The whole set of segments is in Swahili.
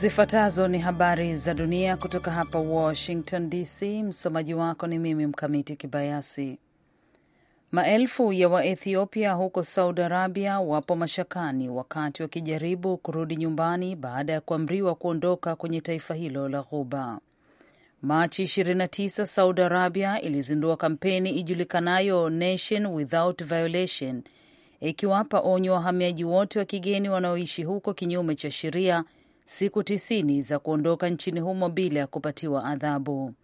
Zifuatazo ni habari za dunia kutoka hapa Washington DC. Msomaji wako ni mimi Mkamiti Kibayasi. Maelfu ya Waethiopia huko Saudi Arabia wapo mashakani wakati wakijaribu kurudi nyumbani baada ya kuamriwa kuondoka kwenye taifa hilo la Ghuba. Machi 29 Saudi Arabia ilizindua kampeni ijulikanayo Nation Without Violation, ikiwapa onyo wahamiaji wote wa kigeni wanaoishi huko kinyume cha sheria siku tisini za kuondoka nchini humo bila ya kupatiwa adhabu.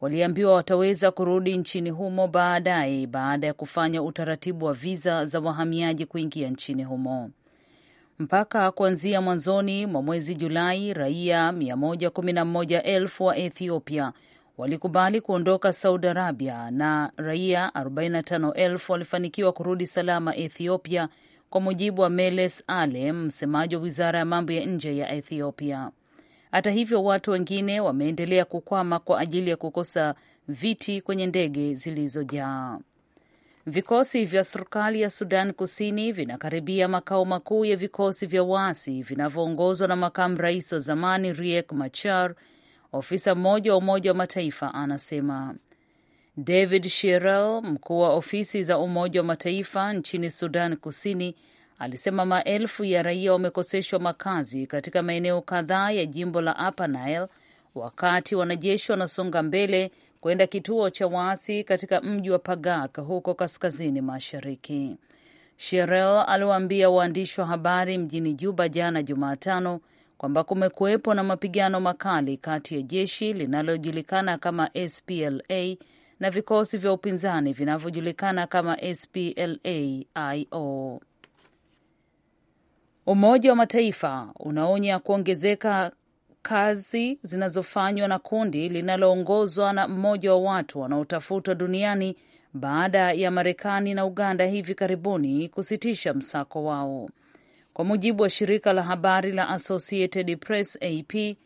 Waliambiwa wataweza kurudi nchini humo baadaye baada ya kufanya utaratibu wa viza za wahamiaji kuingia nchini humo. Mpaka kuanzia mwanzoni mwa mwezi Julai, raia 111,000 wa Ethiopia walikubali kuondoka Saudi Arabia na raia 45,000 walifanikiwa kurudi salama Ethiopia kwa mujibu wa Meles Ale, msemaji wa wizara ya mambo ya nje ya Ethiopia. Hata hivyo, watu wengine wameendelea kukwama kwa ajili ya kukosa viti kwenye ndege zilizojaa. Vikosi vya serikali ya Sudan Kusini vinakaribia makao makuu ya vikosi vya waasi vinavyoongozwa na makamu rais wa zamani Riek Machar, ofisa mmoja wa Umoja wa Mataifa anasema. David Shirel, mkuu wa ofisi za Umoja wa Mataifa nchini Sudan Kusini, alisema maelfu ya raia wamekoseshwa makazi katika maeneo kadhaa ya jimbo la Upper Nile wakati wanajeshi wanasonga mbele kwenda kituo cha waasi katika mji wa Pagak huko kaskazini mashariki. Sherel aliwaambia waandishi wa habari mjini Juba jana Jumatano kwamba kumekuwepo na mapigano makali kati ya jeshi linalojulikana kama SPLA na vikosi vya upinzani vinavyojulikana kama splaio Umoja wa Mataifa unaonya kuongezeka kazi zinazofanywa na kundi linaloongozwa na mmoja wa watu wanaotafutwa duniani baada ya Marekani na Uganda hivi karibuni kusitisha msako wao. Kwa mujibu wa shirika la habari la Associated Press AP,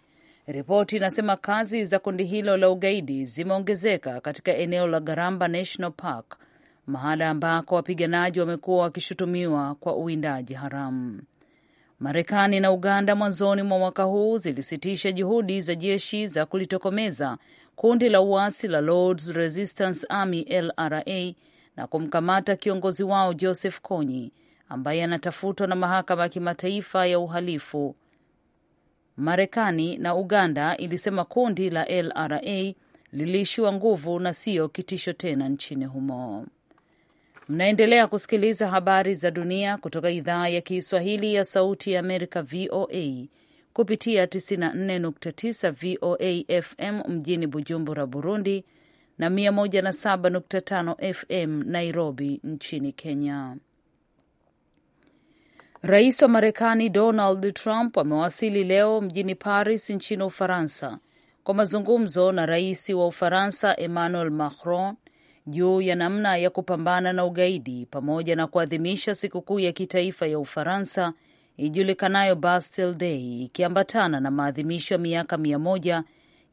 Ripoti inasema kazi za kundi hilo la ugaidi zimeongezeka katika eneo la Garamba National Park, mahala ambako wapiganaji wamekuwa wakishutumiwa kwa uwindaji haramu. Marekani na Uganda mwanzoni mwa mwaka huu zilisitisha juhudi za jeshi za kulitokomeza kundi la uasi la Lords Resistance Army LRA na kumkamata kiongozi wao Joseph Kony ambaye anatafutwa na mahakama ya kimataifa ya uhalifu Marekani na Uganda ilisema kundi la LRA liliishiwa nguvu na siyo kitisho tena nchini humo. Mnaendelea kusikiliza habari za dunia kutoka idhaa ya Kiswahili ya Sauti ya Amerika, VOA, kupitia 94.9 VOA FM mjini Bujumbura, Burundi, na 107.5 FM Nairobi nchini Kenya. Rais wa Marekani Donald Trump amewasili leo mjini Paris nchini Ufaransa kwa mazungumzo na rais wa Ufaransa Emmanuel Macron juu ya namna ya kupambana na ugaidi pamoja na kuadhimisha sikukuu ya kitaifa ya Ufaransa ijulikanayo Bastille Day ikiambatana na maadhimisho ya miaka mia moja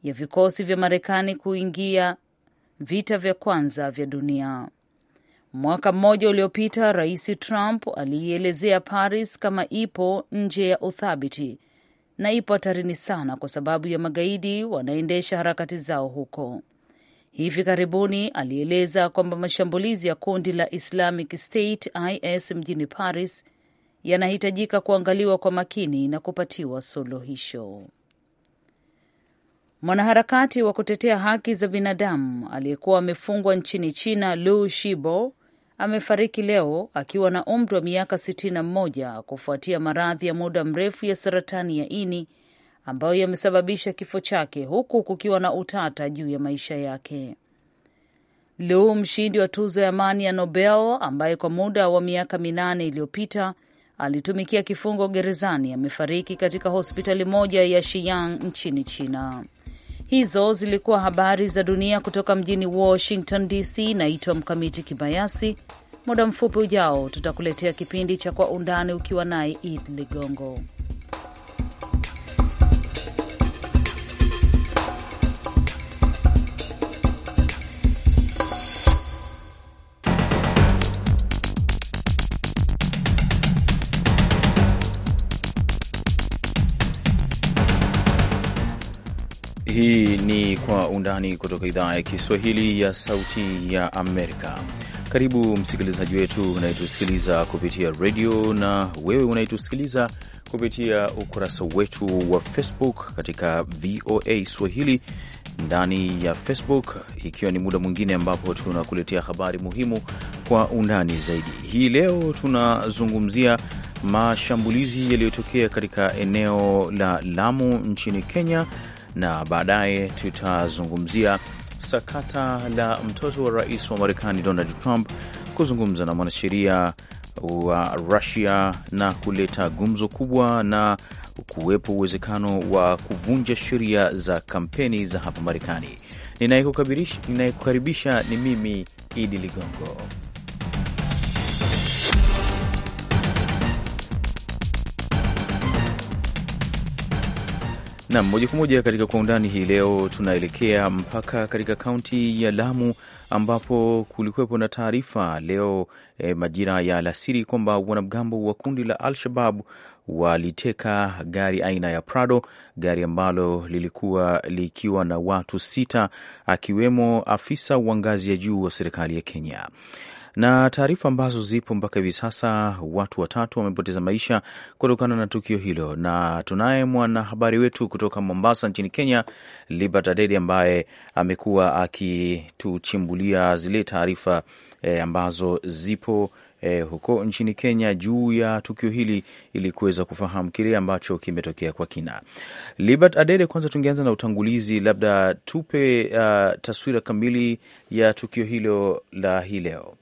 ya vikosi vya Marekani kuingia vita vya kwanza vya dunia. Mwaka mmoja uliopita, Rais Trump aliielezea Paris kama ipo nje ya uthabiti na ipo hatarini sana kwa sababu ya magaidi wanaendesha harakati zao huko. Hivi karibuni alieleza kwamba mashambulizi ya kundi la Islamic State IS mjini Paris yanahitajika kuangaliwa kwa makini na kupatiwa suluhisho. Mwanaharakati wa kutetea haki za binadamu aliyekuwa amefungwa nchini China, Lu Shibo, amefariki leo akiwa na umri wa miaka 61 kufuatia maradhi ya muda mrefu ya saratani ya ini ambayo yamesababisha kifo chake huku kukiwa na utata juu ya maisha yake. Luu, mshindi wa tuzo ya amani ya Nobel ambaye kwa muda wa miaka minane iliyopita alitumikia kifungo gerezani, amefariki katika hospitali moja ya Shiyang nchini China. Hizo zilikuwa habari za dunia kutoka mjini Washington DC. Naitwa Mkamiti Kibayasi. Muda mfupi ujao tutakuletea kipindi cha Kwa Undani ukiwa naye Id Ligongo. Undani kutoka idhaa ya Kiswahili ya Sauti ya Amerika. Karibu msikilizaji wetu unayetusikiliza kupitia redio na wewe unayetusikiliza kupitia ukurasa wetu wa Facebook katika VOA Swahili ndani ya Facebook, ikiwa ni muda mwingine ambapo tunakuletea habari muhimu kwa undani zaidi. Hii leo tunazungumzia mashambulizi yaliyotokea katika eneo la Lamu nchini Kenya na baadaye tutazungumzia sakata la mtoto wa rais wa Marekani Donald Trump kuzungumza na mwanasheria wa Rusia na kuleta gumzo kubwa na kuwepo uwezekano wa kuvunja sheria za kampeni za hapa Marekani. Ninayekukaribisha ni mimi Idi Ligongo. Nam moja kwa moja katika kwa undani hii leo, tunaelekea mpaka katika kaunti ya Lamu ambapo kulikuwepo na taarifa leo e, majira ya alasiri kwamba wanamgambo wa kundi la al shabab waliteka gari aina ya Prado, gari ambalo lilikuwa likiwa na watu sita, akiwemo afisa wa ngazi ya juu wa serikali ya Kenya na taarifa ambazo zipo mpaka hivi sasa, watu watatu wamepoteza maisha kutokana na tukio hilo, na tunaye mwanahabari wetu kutoka Mombasa nchini Kenya, Libert Adede ambaye amekuwa akituchimbulia zile taarifa e, ambazo zipo e, huko nchini Kenya juu ya tukio hili ili kuweza kufahamu kile ambacho kimetokea kwa kina. Libert Adede, kwanza tungeanza na utangulizi, labda tupe uh, taswira kamili ya tukio hilo la hii leo.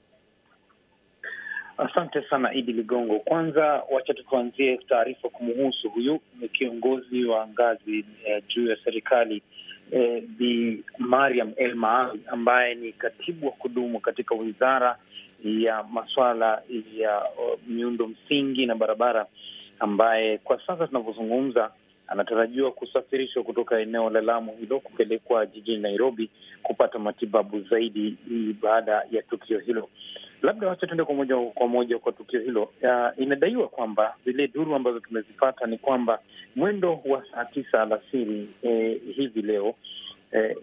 Asante sana Idi Ligongo. Kwanza wacha tuanzie taarifa kumuhusu huyu kiongozi wa ngazi eh, juu ya serikali eh, Bi Mariam El Maawi ambaye ni katibu wa kudumu katika wizara ya maswala ya miundo msingi na barabara, ambaye kwa sasa tunavyozungumza anatarajiwa kusafirishwa kutoka eneo la Lamu hilo kupelekwa jijini Nairobi kupata matibabu zaidi baada ya tukio hilo. Labda wacha tuende kwa moja kwa moja kwa tukio hilo. Uh, inadaiwa kwamba zile duru ambazo tumezipata ni kwamba mwendo wa saa tisa alasiri eh, hivi leo eh,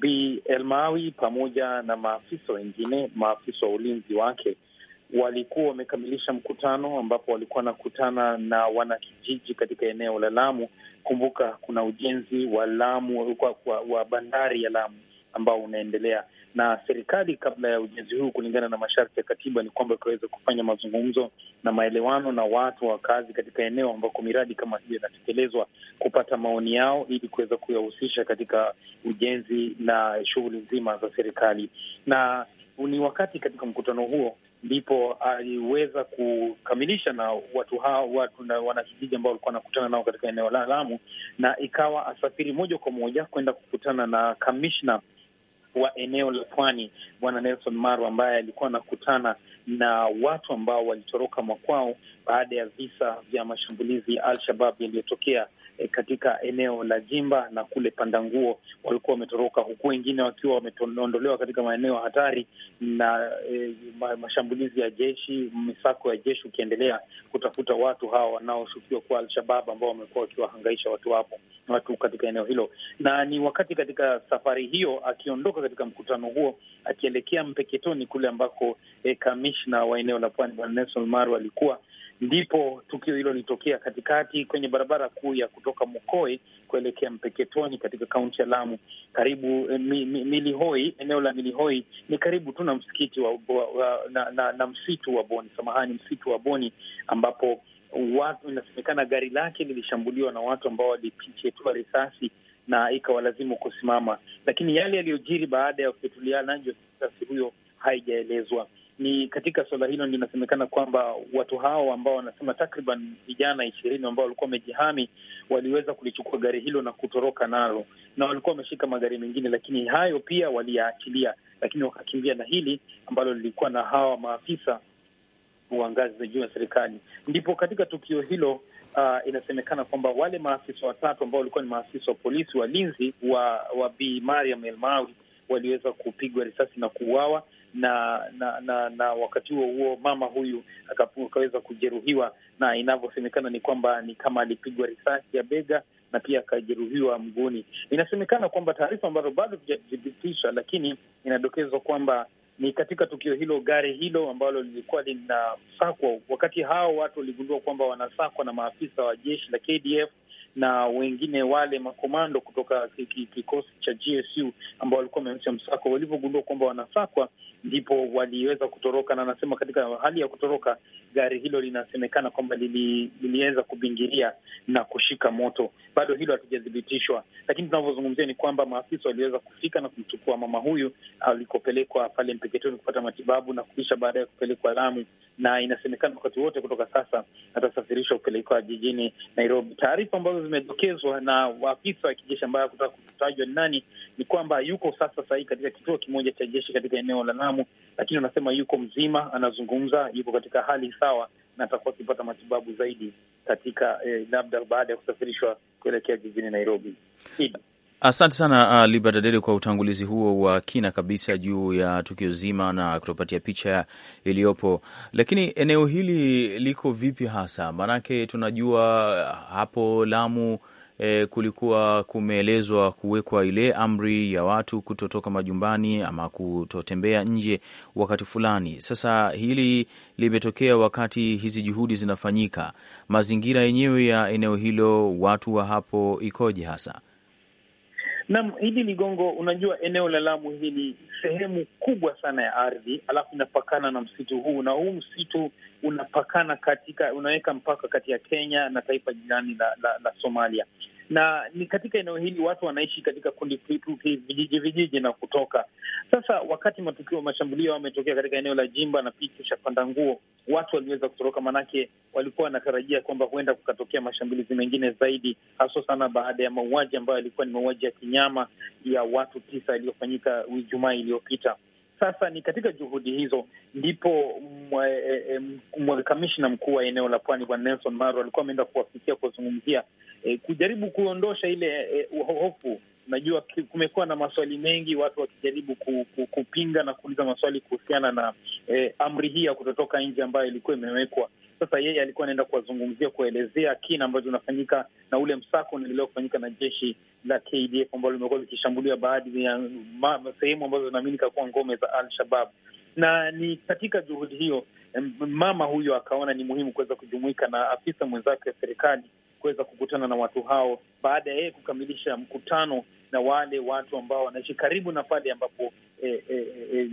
Bi Elmawi pamoja na maafisa wengine, maafisa wa ulinzi wake walikuwa wamekamilisha mkutano ambapo walikuwa wanakutana na wanakijiji katika eneo la Lamu. Kumbuka kuna ujenzi wa Lamu wa, wa bandari ya Lamu ambao unaendelea na serikali kabla ya ujenzi huu, kulingana na masharti ya katiba, ni kwamba ikaweza kufanya mazungumzo na maelewano na watu wa kazi katika eneo ambako miradi kama hiyo inatekelezwa, kupata maoni yao ili kuweza kuyahusisha katika ujenzi na shughuli nzima za serikali. Na ni wakati katika mkutano huo ndipo aliweza kukamilisha na watu hao watu na wanakijiji ambao walikuwa wanakutana nao katika eneo la Lamu, na ikawa asafiri moja kwa moja kwenda kukutana na kamishna wa eneo la pwani Bwana Nelson Maro ambaye alikuwa anakutana na watu ambao walitoroka makwao baada ya visa vya mashambulizi ya Al-Shabab yaliyotokea e, katika eneo la Jimba na kule Pandanguo walikuwa wametoroka, huku wengine wakiwa wameondolewa katika maeneo hatari na e, mashambulizi ya jeshi, misako ya jeshi ukiendelea kutafuta watu hawa wanaoshukiwa kuwa alshabab ambao wamekuwa wakiwahangaisha watu hapo, watu katika eneo hilo, na ni wakati katika safari hiyo akiondoka kutoka katika mkutano huo akielekea Mpeketoni kule ambako eh, kamishna wa eneo la pwani bwana Nelson Maru alikuwa ndipo tukio hilo lilitokea katikati kwenye barabara kuu ya kutoka Mokoe kuelekea Mpeketoni katika kaunti ya Lamu, karibu eh, mi, mi, Milihoi. Eneo la Milihoi ni karibu tu na msikiti wa, wa, wa, na, na, na msitu wa Boni, samahani, msitu wa Boni, ambapo watu inasemekana gari lake lilishambuliwa na watu ambao walipifyetua risasi na ikawalazimu kusimama, lakini yale yaliyojiri baada ya ufyatulianaji wa risasi huyo haijaelezwa. Ni katika suala hilo linasemekana kwamba watu hao ambao wanasema takriban vijana ishirini ambao walikuwa wamejihami waliweza kulichukua gari hilo na kutoroka nalo, na walikuwa wameshika magari mengine, lakini hayo pia waliyaachilia, lakini wakakimbia na hili ambalo lilikuwa na hawa maafisa wa ngazi za juu ya serikali. Ndipo katika tukio hilo uh, inasemekana kwamba wale maafisa watatu ambao walikuwa ni maafisa wa polisi walinzi wa wa Bi Mariam Elmawi waliweza kupigwa risasi na kuuawa na na na na wakati huo huo mama huyu akaweza kujeruhiwa, na inavyosemekana ni kwamba ni kama alipigwa risasi ya bega na pia akajeruhiwa mguuni. Inasemekana kwamba taarifa ambazo bado hatujathibitisha, lakini inadokezwa kwamba ni katika tukio hilo, gari hilo ambalo lilikuwa linasakwa, wakati hao watu waligundua kwamba wanasakwa na maafisa wa jeshi la KDF na wengine wale makomando kutoka kikosi cha GSU ambao walikuwa wameanzisha msako, walivyogundua kwamba wanasakwa, ndipo waliweza kutoroka, na anasema katika hali ya kutoroka gari hilo linasemekana kwamba lili, liliweza kubingiria na kushika moto. Bado hilo hatujathibitishwa, lakini tunavyozungumzia ni kwamba maafisa waliweza kufika na kumchukua mama huyu alikopelekwa pale Mpeketoni kupata matibabu na kisha baadaye kupelekwa Lamu, na inasemekana wakati wote kutoka sasa atasafirishwa kupelekwa jijini Nairobi. Taarifa ambazo ambazo zimedokezwa na afisa wa kijeshi ambaye kutaka kutajwa ni nani, ni kwamba yuko sasa sahii katika kituo kimoja cha jeshi katika eneo la Lamu, lakini anasema yuko mzima, anazungumza, yuko katika hali sawa na atakuwa akipata matibabu zaidi katika eh, labda baada ya kusafirishwa kuelekea jijini Nairobi. Hidi. Asante sana uh, Libertadede kwa utangulizi huo wa kina kabisa juu ya tukio zima na kutupatia picha iliyopo. Lakini eneo hili liko vipi hasa? Maanake tunajua uh, hapo Lamu eh, kulikuwa kumeelezwa kuwekwa ile amri ya watu kutotoka majumbani ama kutotembea nje wakati fulani. Sasa hili limetokea wakati hizi juhudi zinafanyika, mazingira yenyewe ya eneo hilo, watu wa hapo ikoje hasa? Naam, hili Ligongo, unajua eneo la Lamu hili sehemu kubwa sana ya ardhi, alafu inapakana na msitu huu, na huu msitu unapakana katika, unaweka mpaka kati ya Kenya na taifa jirani la, la, la Somalia na ni katika eneo hili watu wanaishi katika kundi vijiji vijiji na kutoka. Sasa wakati matukio mashambulio ametokea katika eneo la Jimba na pia kisha nguo watu waliweza kutoroka, maanake walikuwa wanatarajia kwamba huenda kukatokea mashambulizi mengine zaidi, haswa sana baada ya mauaji ambayo yalikuwa ni mauaji ya kinyama ya watu tisa yaliyofanyika jumaa iliyopita. Sasa ni katika juhudi hizo ndipo e, e, kamishna mkuu wa eneo la pwani bwana Nelson Maro alikuwa ameenda kuwafikia kuwazungumzia, e, kujaribu kuondosha ile e, hofu. Unajua, kumekuwa na maswali mengi, watu wakijaribu ku, ku, kupinga na kuuliza maswali kuhusiana na e, amri hii ya kutotoka nje ambayo ilikuwa imewekwa sasa yeye alikuwa anaenda kuwazungumzia, kuelezea kina ambacho unafanyika na ule msako unaendelea kufanyika na jeshi la KDF ambalo limekuwa likishambulia baadhi ya sehemu ambazo zinaaminika kuwa ngome za Al-Shabab, na ni katika juhudi hiyo mama huyo akaona ni muhimu kuweza kujumuika na afisa mwenzake wa serikali kuweza kukutana na watu hao baada ya yeye kukamilisha mkutano na wale watu ambao wanaishi karibu na pale ambapo eh, eh, eh,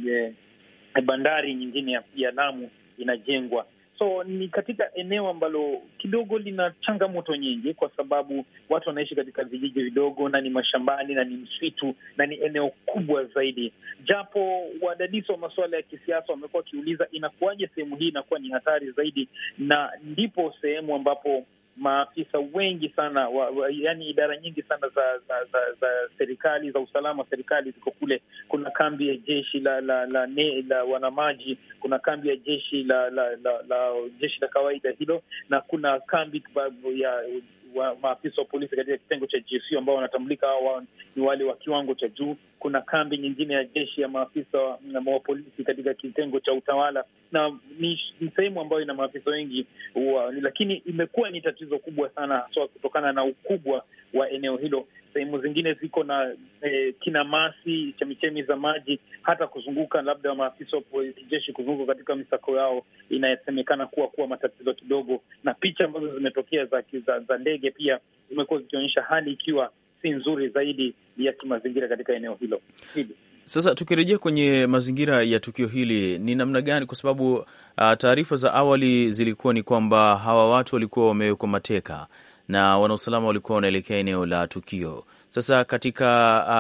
eh, bandari nyingine ya, ya Lamu inajengwa. So ni katika eneo ambalo kidogo lina changamoto nyingi, kwa sababu watu wanaishi katika vijiji vidogo na ni mashambani na ni msitu na ni eneo kubwa zaidi, japo wadadisi wa masuala ya kisiasa wamekuwa wakiuliza inakuwaje sehemu hii inakuwa ni hatari zaidi, na ndipo sehemu ambapo maafisa wengi sana wa, wa, yani idara nyingi sana za za, za, za serikali za usalama serikali ziko kule. Kuna kambi ya jeshi la la, la, la, la wanamaji, kuna kambi ya jeshi la la, la, la jeshi la kawaida hilo, na kuna kambi ya maafisa wa polisi katika kitengo cha GSU ambao wanatambulika ni wale wa kiwango cha juu. Kuna kambi nyingine ya jeshi ya maafisa wa polisi katika kitengo cha utawala, na ni sehemu ambayo ina maafisa wengi wa, lakini imekuwa ni tatizo kubwa sana haswa kutokana na ukubwa wa eneo hilo sehemu zingine ziko na e, kinamasi, chemichemi za maji, hata kuzunguka labda maafisa wa kijeshi kuzunguka katika misako yao inayosemekana kuwa kuwa matatizo kidogo, na picha ambazo zimetokea za, za, za ndege pia zimekuwa zikionyesha hali ikiwa si nzuri zaidi ya kimazingira katika eneo hilo hili. Sasa tukirejea kwenye mazingira ya tukio hili ni namna gani? Kwa sababu ah, taarifa za awali zilikuwa ni kwamba hawa watu walikuwa wamewekwa mateka na wanausalama walikuwa wanaelekea eneo la tukio. Sasa katika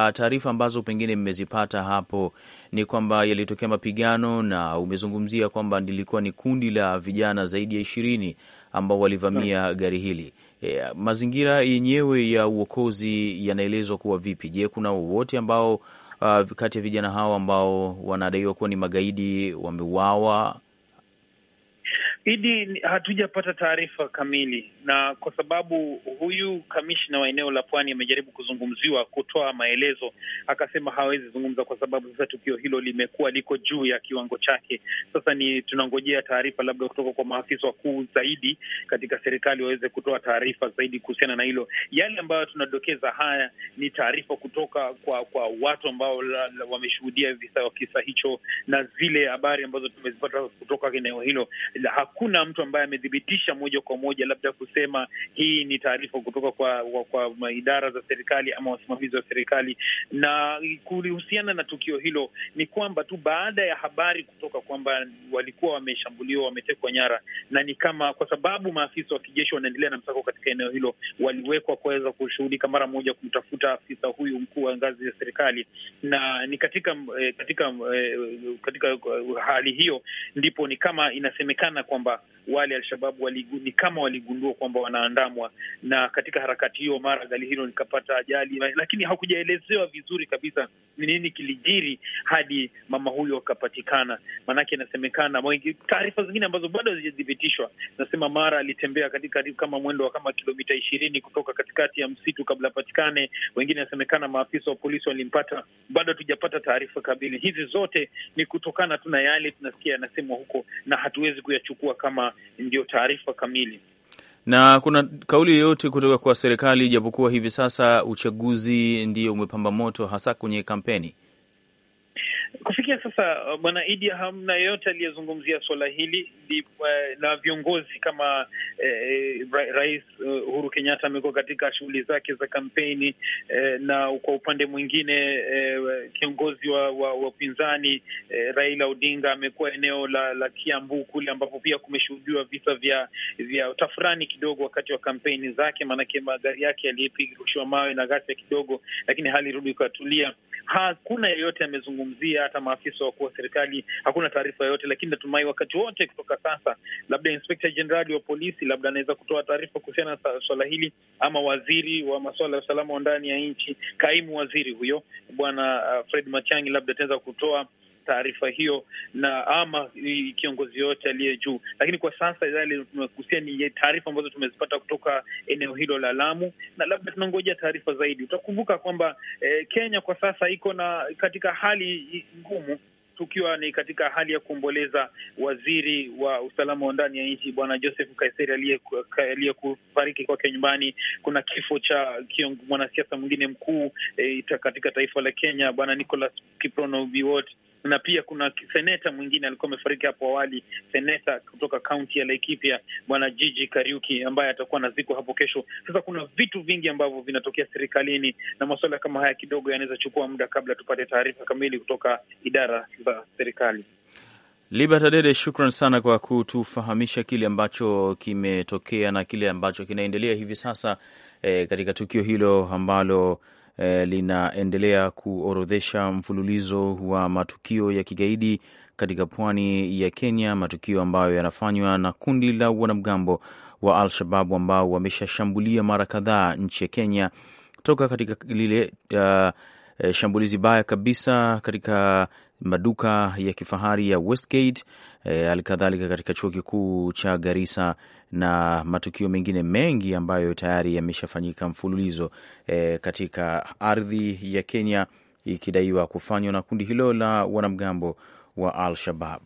uh, taarifa ambazo pengine mmezipata hapo ni kwamba yalitokea mapigano, na umezungumzia kwamba lilikuwa ni kundi la vijana zaidi ya ishirini ambao walivamia gari hili. E, mazingira yenyewe ya uokozi yanaelezwa kuwa vipi? Je, kuna wowote ambao uh, kati ya vijana hao ambao wanadaiwa kuwa ni magaidi wameuawa? Idi, hatujapata taarifa kamili na kwa sababu huyu kamishna wa eneo la pwani amejaribu kuzungumziwa kutoa maelezo, akasema hawezi zungumza kwa sababu sasa tukio hilo limekuwa liko juu ya kiwango chake. Sasa ni tunangojea taarifa labda kutoka kwa maafisa wakuu zaidi katika serikali waweze kutoa taarifa zaidi kuhusiana na hilo. Yale ambayo tunadokeza haya ni taarifa kutoka kwa kwa watu ambao wameshuhudia visa kisa hicho na zile habari ambazo tumezipata kutoka eneo hilo. Hakuna mtu ambaye amethibitisha moja kwa moja labda kus kusema hii ni taarifa kutoka kwa, kwa, kwa idara za serikali ama wasimamizi wa serikali. Na kulihusiana na tukio hilo ni kwamba tu baada ya habari kutoka kwamba walikuwa wameshambuliwa, wametekwa nyara, na ni kama kwa sababu maafisa wa kijeshi wanaendelea na msako katika eneo hilo, waliwekwa kuweza kushughulika mara moja kumtafuta afisa huyu mkuu wa ngazi ya serikali, na ni katika eh, katika eh, katika eh, hali hiyo ndipo ni kama inasemekana kwamba wale Alshababu ni kama waligundua kwa kwamba wanaandamwa, na katika harakati hiyo mara gari hilo likapata ajali, lakini hakujaelezewa vizuri kabisa ni nini kilijiri hadi mama huyo akapatikana. Maanake inasemekana taarifa zingine ambazo bado hazijathibitishwa nasema mara alitembea katika kama mwendo wa kama kilomita ishirini kutoka katikati ya msitu kabla apatikane. Wengine inasemekana maafisa wa polisi walimpata, bado hatujapata taarifa kamili. Hizi zote ni kutokana tu na yale tunasikia yanasemwa huko, na hatuwezi kuyachukua kama ndio taarifa kamili. Na kuna kauli yoyote kutoka kwa serikali, ijapokuwa hivi sasa uchaguzi ndio umepamba moto hasa kwenye kampeni? Kufikia sasa uh, bwana Idi, hamna yeyote aliyezungumzia suala hili uh, na viongozi kama eh, rais Uhuru Kenyatta amekuwa katika shughuli zake za kampeni eh, na kwa upande mwingine eh, kiongozi wa upinzani eh, Raila Odinga amekuwa eneo la, la Kiambu kule ambapo pia kumeshuhudiwa visa vya vya tafurani kidogo wakati wa kampeni zake, maanake magari yake yaliyepiga mawe na ghasia kidogo, lakini hali rudi ikatulia hakuna yeyote amezungumzia, hata maafisa wakuu wa serikali, hakuna taarifa yoyote. Lakini natumai wakati wote kutoka sasa, labda inspekta jenerali wa polisi labda anaweza kutoa taarifa kuhusiana na swala hili, ama waziri wa masuala ya usalama wa ndani ya nchi, kaimu waziri huyo bwana uh, Fred machangi labda ataweza kutoa taarifa hiyo na ama kiongozi yoyote aliye juu, lakini kwa sasa yale tumegusia ni taarifa ambazo tumezipata kutoka eneo hilo la Lamu, na labda tunangoja taarifa zaidi. Utakumbuka kwamba eh, Kenya kwa sasa iko na katika hali ngumu tukiwa ni katika hali ya kuomboleza waziri wa usalama wa ndani ya nchi Bwana Joseph Kaiseri aliyekufariki kwake nyumbani. Kuna kifo cha mwanasiasa mwingine mkuu e, katika taifa la Kenya Bwana Nicholas Kiprono na pia kuna seneta mwingine alikuwa amefariki hapo awali, seneta kutoka kaunti ya Laikipia bwana Jiji Kariuki ambaye atakuwa anazikwa hapo kesho. Sasa kuna vitu vingi ambavyo vinatokea serikalini na masuala kama haya kidogo yanaweza chukua muda kabla tupate taarifa kamili kutoka idara za serikali. Libert Adede, shukran sana kwa kutufahamisha kile ambacho kimetokea na kile ambacho kinaendelea hivi sasa eh, katika tukio hilo ambalo Eh, linaendelea kuorodhesha mfululizo wa matukio ya kigaidi katika pwani ya Kenya, matukio ambayo yanafanywa na kundi la wanamgambo wa Al-Shababu ambao wameshashambulia mara kadhaa nchi ya Kenya toka katika lile uh, eh, shambulizi baya kabisa katika maduka ya kifahari ya Westgate, eh, halikadhalika eh, katika chuo kikuu cha Garissa na matukio mengine mengi ambayo tayari yameshafanyika mfululizo e, katika ardhi ya Kenya ikidaiwa kufanywa na kundi hilo la wanamgambo wa Al-Shabab.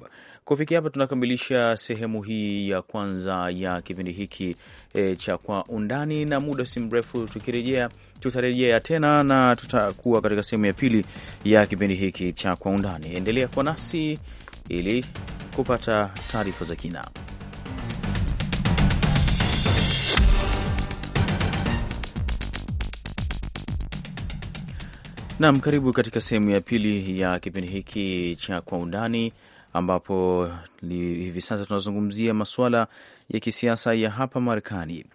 Kufikia hapa tunakamilisha sehemu hii ya kwanza ya kipindi hiki e, cha Kwa Undani, na muda si mrefu tukirejea, tutarejea tena na tutakuwa katika sehemu ya pili ya kipindi hiki cha Kwa Undani. Endelea kwa nasi ili kupata taarifa za kina. Naam, karibu katika sehemu ya pili ya kipindi hiki cha Kwa Undani, ambapo hivi sasa tunazungumzia masuala ya kisiasa ya hapa Marekani.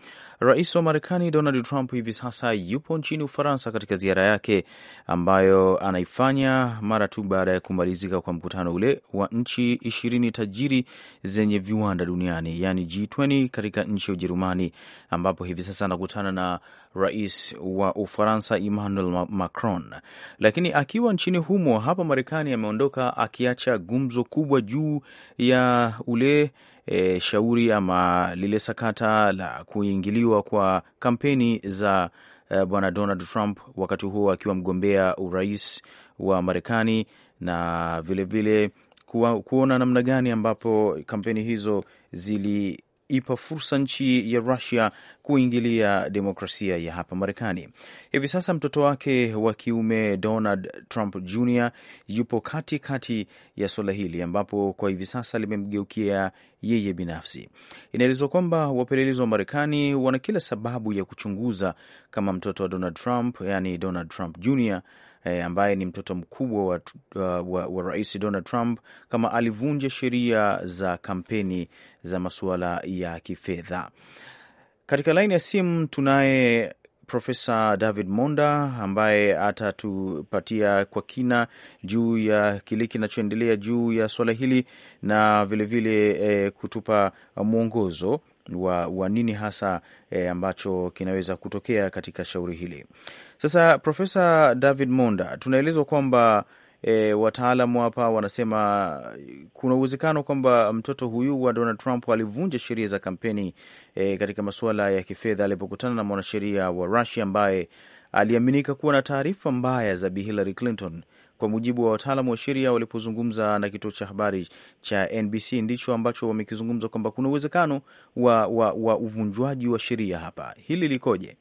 Rais wa Marekani Donald Trump hivi sasa yupo nchini Ufaransa katika ziara yake ambayo anaifanya mara tu baada ya kumalizika kwa mkutano ule wa nchi ishirini tajiri zenye viwanda duniani, yaani G20 katika nchi ya Ujerumani, ambapo hivi sasa anakutana na rais wa Ufaransa Emmanuel Macron. Lakini akiwa nchini humo, hapa Marekani ameondoka akiacha gumzo kubwa juu ya ule e, shauri ama lile sakata la kuingiliwa kwa kampeni za e, bwana Donald Trump wakati huo akiwa mgombea urais wa Marekani na vilevile vile kuona namna gani ambapo kampeni hizo zili kuipa fursa nchi ya Rusia kuingilia demokrasia ya hapa Marekani. Hivi sasa mtoto wake wa kiume Donald Trump Jr yupo kati kati ya suala hili ambapo kwa hivi sasa limemgeukia yeye binafsi. Inaelezwa kwamba wapelelezi wa Marekani wana kila sababu ya kuchunguza kama mtoto wa Donald Trump, yani Donald Trump Jr e, ambaye ni mtoto mkubwa wa, wa, wa Rais Donald Trump kama alivunja sheria za kampeni za masuala ya kifedha. Katika laini ya simu tunaye Profesa David Monda ambaye atatupatia kwa kina juu ya kile kinachoendelea juu ya swala hili na vilevile vile, eh, kutupa mwongozo wa, wa nini hasa e, ambacho kinaweza kutokea katika shauri hili. Sasa Profesa David Monda, tunaelezwa kwamba E, wataalamu hapa wanasema kuna uwezekano kwamba mtoto huyu wa Donald Trump alivunja sheria za kampeni e, katika masuala ya kifedha alipokutana na mwanasheria wa rusia ambaye aliaminika kuwa na taarifa mbaya za Bi Hillary Clinton kwa mujibu wa wataalamu wa sheria walipozungumza na kituo cha habari cha NBC, ndicho ambacho wamekizungumza kwamba kuna uwezekano wa, wa, wa uvunjwaji wa sheria hapa. Hili likoje?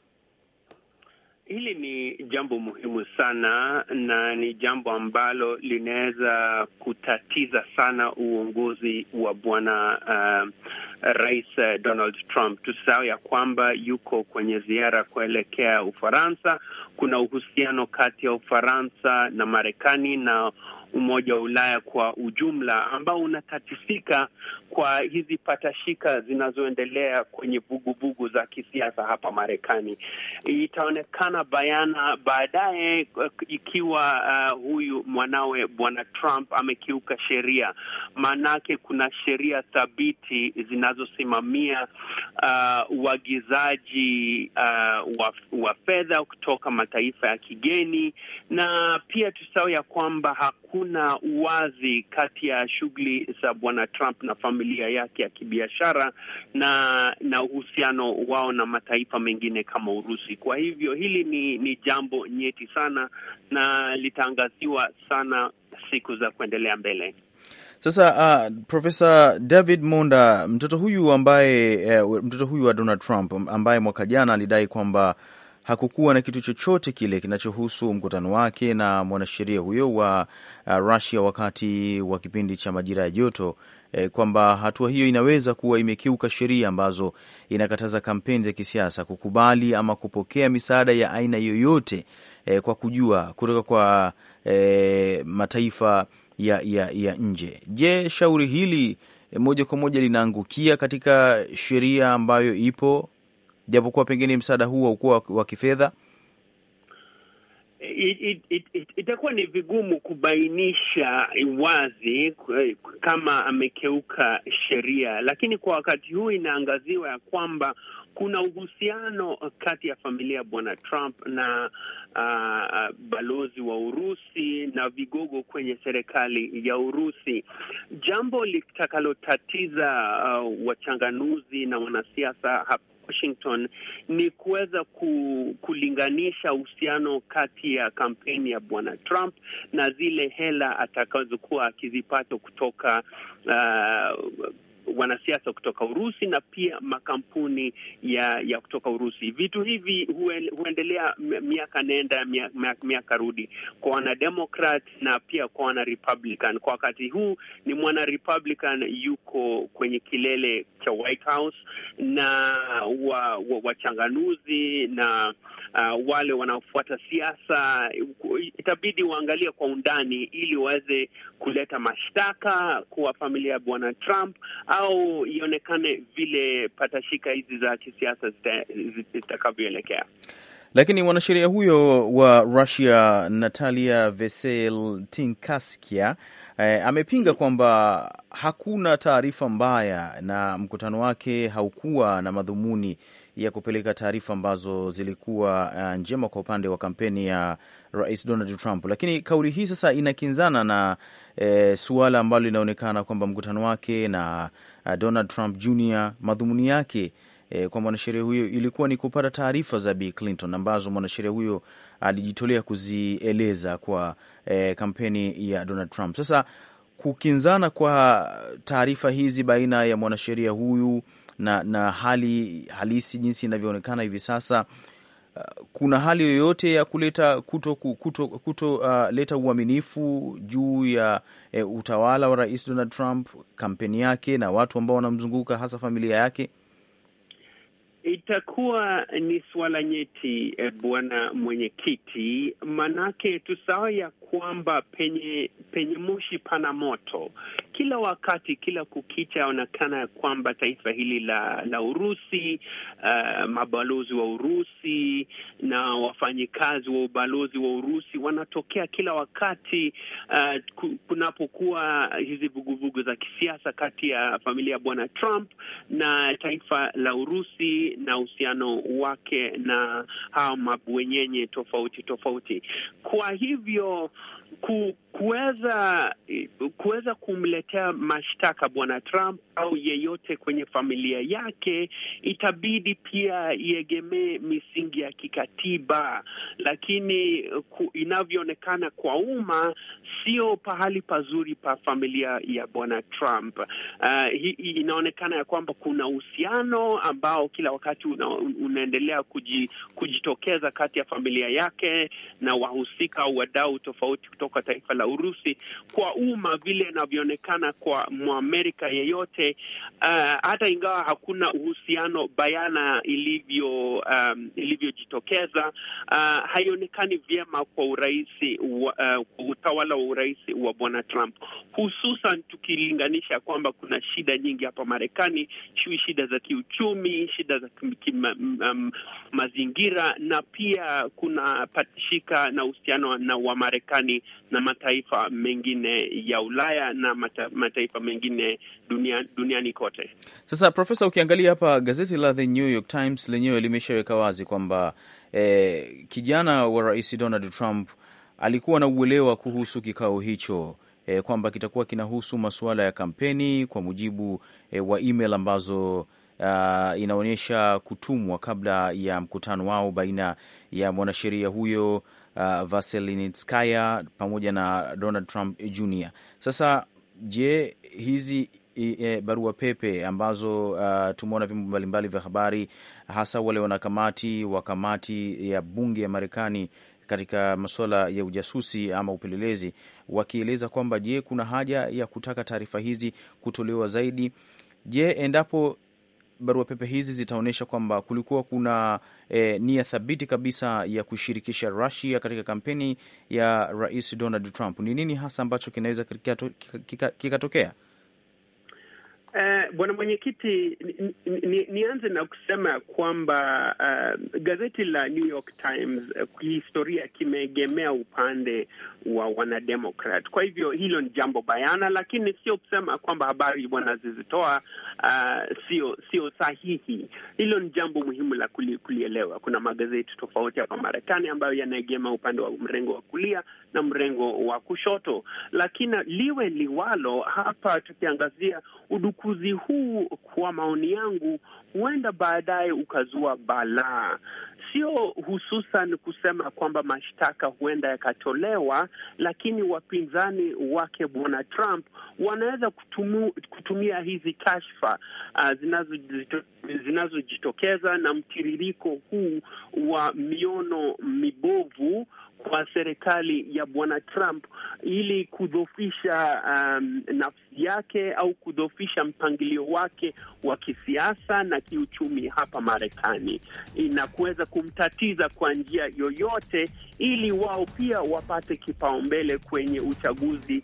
Hili ni jambo muhimu sana na ni jambo ambalo linaweza kutatiza sana uongozi wa bwana uh, Rais Donald Trump. Tusisahau ya kwamba yuko kwenye ziara kuelekea Ufaransa. Kuna uhusiano kati ya Ufaransa na Marekani na Umoja wa Ulaya kwa ujumla, ambao unatatisika kwa hizi patashika zinazoendelea kwenye vuguvugu za kisiasa hapa Marekani. Itaonekana bayana baadaye ikiwa uh, huyu mwanawe Bwana Trump amekiuka sheria, maanake kuna sheria thabiti zinazosimamia uh, uagizaji uh, uh, wa, wa fedha kutoka mataifa ya kigeni, na pia tusahau ya kwamba hakuna uwazi kati ya shughuli za bwana Trump na familia yake ya kibiashara na na uhusiano wao na mataifa mengine kama Urusi. Kwa hivyo hili ni, ni jambo nyeti sana na litaangaziwa sana siku za kuendelea mbele. Sasa uh, Profesa David Monda, mtoto huyu ambaye uh, mtoto huyu wa Donald Trump ambaye mwaka jana alidai kwamba hakukuwa na kitu chochote kile kinachohusu mkutano wake na mwanasheria huyo wa uh, Russia wakati wa kipindi cha majira ya joto eh, kwamba hatua hiyo inaweza kuwa imekiuka sheria ambazo inakataza kampeni za kisiasa kukubali ama kupokea misaada ya aina yoyote eh, kwa kujua kutoka kwa eh, mataifa ya, ya, ya nje. Je, shauri hili eh, moja kwa moja linaangukia katika sheria ambayo ipo japokuwa pengine msaada huu haukuwa wa kifedha? It, it, it, it, itakuwa ni vigumu kubainisha wazi eh, kama amekeuka sheria, lakini kwa wakati huu inaangaziwa ya kwamba kuna uhusiano kati ya familia ya bwana Trump na uh, balozi wa Urusi na vigogo kwenye serikali ya Urusi, jambo litakalotatiza uh, wachanganuzi na wanasiasa hapa Washington ni kuweza ku, kulinganisha uhusiano kati ya kampeni ya bwana Trump na zile hela atakazokuwa akizipata kutoka uh, wanasiasa kutoka Urusi na pia makampuni ya ya kutoka Urusi. Vitu hivi huendelea miaka nenda miaka rudi kwa wanademokrat na pia kwa wanarepublican. Kwa wakati huu ni mwanarepublican yuko kwenye kilele cha White House na wachanganuzi wa, wachanganuzi na uh, wale wanaofuata siasa itabidi waangalie kwa undani ili waweze kuleta mashtaka kwa familia ya bwana Trump au ionekane vile patashika hizi za kisiasa zitakavyoelekea zita lakini mwanasheria huyo wa Russia Natalia Veseltinkaskia eh, amepinga kwamba hakuna taarifa mbaya na mkutano wake haukuwa na madhumuni ya kupeleka taarifa ambazo zilikuwa uh, njema kwa upande wa kampeni ya Rais Donald Trump. Lakini kauli hii sasa inakinzana na eh, suala ambalo linaonekana kwamba mkutano wake na uh, Donald Trump Jr madhumuni yake e, kwa mwanasheria huyo ilikuwa ni kupata taarifa za Bi Clinton ambazo mwanasheria huyo alijitolea kuzieleza kwa e, kampeni ya Donald Trump. Sasa kukinzana kwa taarifa hizi baina ya mwanasheria huyu na, na hali halisi jinsi inavyoonekana hivi sasa uh, kuna hali yoyote ya kuleta kuto, kuto, kuto uh, leta uaminifu juu ya uh, utawala wa Rais Donald Trump, kampeni yake na watu ambao wanamzunguka hasa familia yake? itakuwa ni suala nyeti, eh, bwana mwenyekiti, manake tu sawa ya kwamba penye penye moshi pana moto kila wakati, kila kukicha, yaonekana ya kwamba taifa hili la la Urusi, uh, mabalozi wa Urusi na wafanyikazi wa ubalozi wa Urusi wanatokea kila wakati uh, kunapokuwa hizi vuguvugu za kisiasa kati ya familia ya bwana Trump na taifa la Urusi na uhusiano wake na hawa mabwenyenye tofauti tofauti. Kwa hivyo kuweza kuweza kumletea mashtaka bwana Trump au yeyote kwenye familia yake, itabidi pia iegemee misingi ya kikatiba, lakini inavyoonekana kwa umma sio pahali pazuri pa familia ya bwana Trump. Uh, hi, hi, inaonekana ya kwamba kuna uhusiano ambao kila wakati una, unaendelea kujitokeza kati ya familia yake na wahusika au wadau tofauti kutoka taifa la Urusi kwa umma vile inavyoonekana kwa Mwamerika yeyote, uh, hata ingawa hakuna uhusiano bayana ilivyo um, ilivyojitokeza uh, haionekani vyema kwa urahisi wa, uh, utawala wa urahisi wa bwana Trump, hususan tukilinganisha kwamba kuna shida nyingi hapa Marekani, chui shida za kiuchumi, shida za kima, um, mazingira na pia kuna patishika na uhusiano na wa Marekani na mataifa mengine ya Ulaya na mata, mataifa mengine dunia, duniani kote. Sasa Profesa, ukiangalia hapa gazeti la The New York Times lenyewe limeshaweka wazi kwamba eh, kijana wa Rais Donald Trump alikuwa na uelewa kuhusu kikao hicho eh, kwamba kitakuwa kinahusu masuala ya kampeni kwa mujibu eh, wa email ambazo Uh, inaonyesha kutumwa kabla ya mkutano wao baina ya mwanasheria huyo uh, Vaselinitskaya pamoja na Donald Trump Jr. Sasa je, hizi E, barua pepe ambazo uh, tumeona vyombo mbalimbali vya habari hasa wale wanakamati wa kamati ya bunge ya Marekani katika masuala ya ujasusi ama upelelezi wakieleza kwamba je, kuna haja ya kutaka taarifa hizi kutolewa zaidi? Je, endapo barua pepe hizi zitaonyesha kwamba kulikuwa kuna e, nia thabiti kabisa ya kushirikisha Russia katika kampeni ya Rais Donald Trump. Ni nini hasa ambacho kinaweza kikatokea kika, kika Eh, bwana mwenyekiti, nianze na kusema kwamba uh, gazeti la New York Times eh, kihistoria uh, kimeegemea upande wa wanademokrat. Kwa hivyo hilo ni jambo bayana, lakini sio kusema kwamba habari wanazozitoa uh, sio sio sahihi. Hilo ni jambo muhimu la kulielewa. Kuna magazeti tofauti hapa Marekani ambayo yanaegemea upande wa mrengo wa kulia na mrengo wa kushoto. Lakini liwe liwalo, hapa tukiangazia udukuzi huu, kwa maoni yangu, huenda baadaye ukazua balaa, sio hususan kusema kwamba mashtaka huenda yakatolewa, lakini wapinzani wake bwana Trump wanaweza kutumu, kutumia hizi kashfa uh, zinazojitokeza na mtiririko huu wa miono mibovu kwa serikali ya bwana Trump ili kudhofisha um, nafsi yake au kudhofisha mpangilio wake wa kisiasa na kiuchumi hapa Marekani, na kuweza kumtatiza kwa njia yoyote, ili wao pia wapate kipaumbele kwenye uchaguzi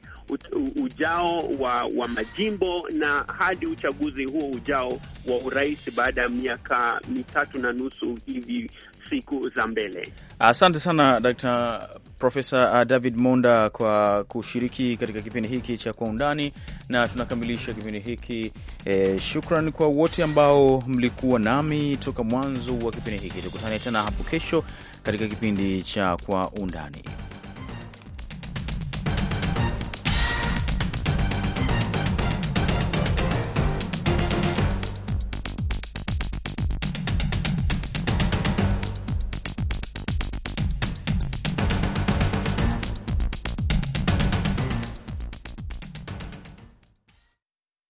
ujao wa, wa majimbo na hadi uchaguzi huo ujao wa urais baada ya miaka mitatu na nusu hivi siku za mbele. Asante sana Dkt. Profesa David Monda kwa kushiriki katika kipindi hiki cha Kwa Undani, na tunakamilisha kipindi hiki e, shukran kwa wote ambao mlikuwa nami toka mwanzo wa kipindi hiki. Tukutane tena hapo kesho katika kipindi cha Kwa Undani.